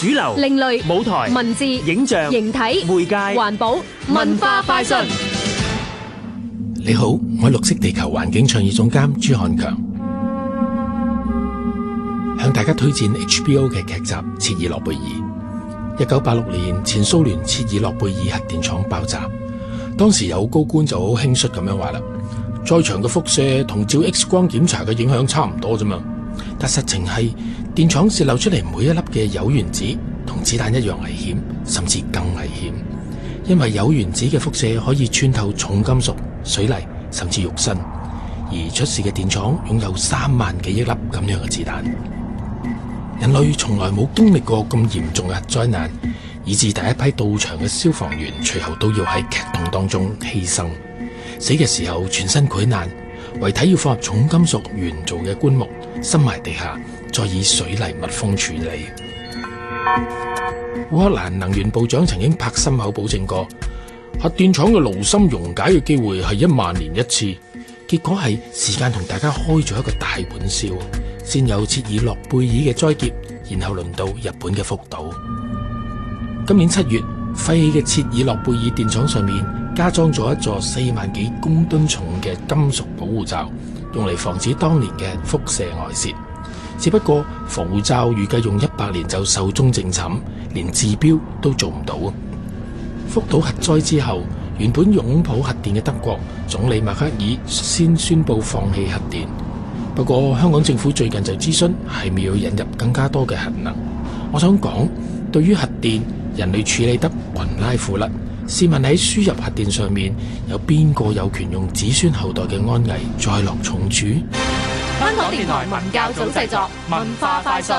主流、另類舞台、文字、影像、形體、媒介、環保、文化快訊。你好，我係綠色地球環境倡議總監朱漢強，向大家推薦 HBO 嘅劇集《切爾諾貝爾》。一九八六年，前蘇聯切爾諾貝爾核電廠爆炸，當時有高官就好輕率咁樣話啦，在場嘅輻射同照 X 光檢查嘅影響差唔多啫嘛，但實情係。電廠泄漏出嚟每一粒嘅鈾原子，同子彈一樣危險，甚至更危險，因為鈾原子嘅輻射可以穿透重金屬、水泥甚至肉身。而出事嘅電廠擁有三萬幾億粒咁樣嘅子彈。人類從來冇經歷過咁嚴重嘅災難，以致第一批到場嘅消防員隨後都要喺劇痛當中犧牲，死嘅時候全身潰爛，遺體要放入重金屬原造嘅棺木。深埋地下，再以水泥密封處理。烏克蘭能源部長曾經拍心口保證過，核電廠嘅爐心溶解嘅機會係一萬年一次。結果係時間同大家開咗一個大玩笑，先有切爾諾貝爾嘅災劫，然後輪到日本嘅福島。今年七月，廢棄嘅切爾諾貝爾電廠上面加裝咗一座四萬幾公噸重嘅金屬保護罩。用嚟防止當年嘅輻射外泄，只不過防護罩預計用一百年就壽終正寢，連治標都做唔到啊！福島核災之後，原本擁抱核電嘅德國總理默克爾先宣布放棄核電，不過香港政府最近就諮詢係咪要引入更加多嘅核能。我想講，對於核電，人類處理得裙拉褲甩。試問喺輸入核電上面，有邊個有權用子孫後代嘅安危再落重注？香港電台文教組製作，文化快訊。